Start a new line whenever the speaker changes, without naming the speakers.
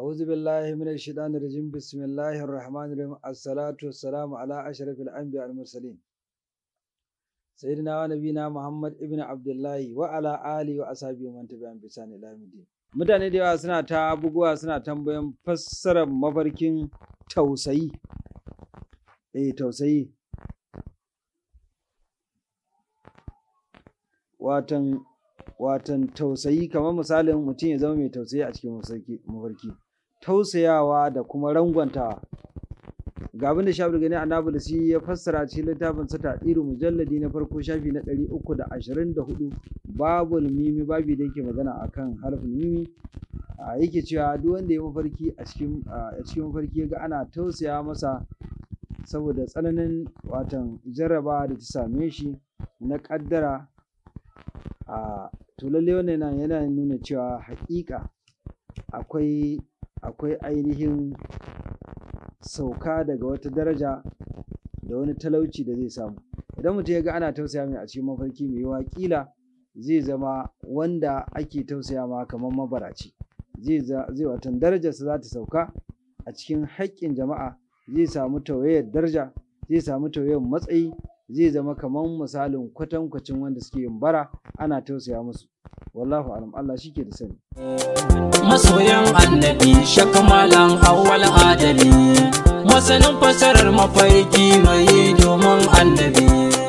أعوذ بالله من الشيطان الرجيم بسم الله الرحمن الرحيم الصلاة والسلام على أشرف الأنبياء المرسلين سيدنا ونبينا محمد ابن عبد الله وعلى آله وأصحابه من تبعهم بإحسان إلى يوم الدين mutane da yawa suna ta buguwa suna tambayan fassarar mafarkin tausayi eh واتن watan watan tausayi kamar misalin mutum ya zama mai tausayi mafarki tausayawa da kuma rangwantawa ga abin da shafi gani annabi ya fassara cikin littafin sa ta tadiru mujalladi na farko shafi na 324 babul mimi babi da yake magana akan harfin mimi yake cewa duk wanda ya mafarki a cikin a cikin mafarki ga ana tausaya masa saboda tsananin watan jarraba da ta same shi na kaddara a tulalle wannan yana nuna cewa haƙiƙa akwai akwai ainihin sauka daga wata daraja da wani talauci da zai samu idan mutum ya ga ana tausaya mai a cikin mafarki mai yawa kila zai zama wanda ake tausaya ma kamar mabaraci zai watan darajarsa za ta sauka a cikin haƙƙin jama'a zai samu tauyayar daraja zai samu tauyayar matsayi zai zama kamar misalin kwatankwacin wanda suke yin bara ana tausaya musu wallahu alam Allah shi ke da sani masoyan annabi
Hakikanin fasarar mafarki mai domin annabi